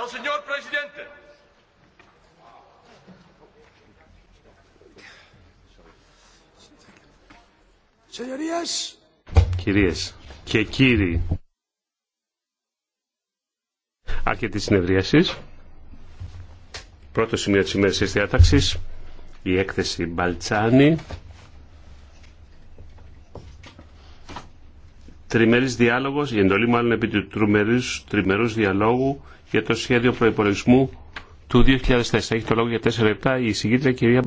El Κυρίες και κύριοι, άρχεται τη συνεδρίαση. Πρώτο σημείο της ημέρας της διάταξης, η έκθεση Μπαλτσάνη. τριμερής διάλογος, η εντολή μάλλον επί του τριμερούς, τριμερούς διαλόγου για το σχέδιο προϋπολογισμού του 2004. Έχει το λόγο για 4 λεπτά η συγκίτρια κυρία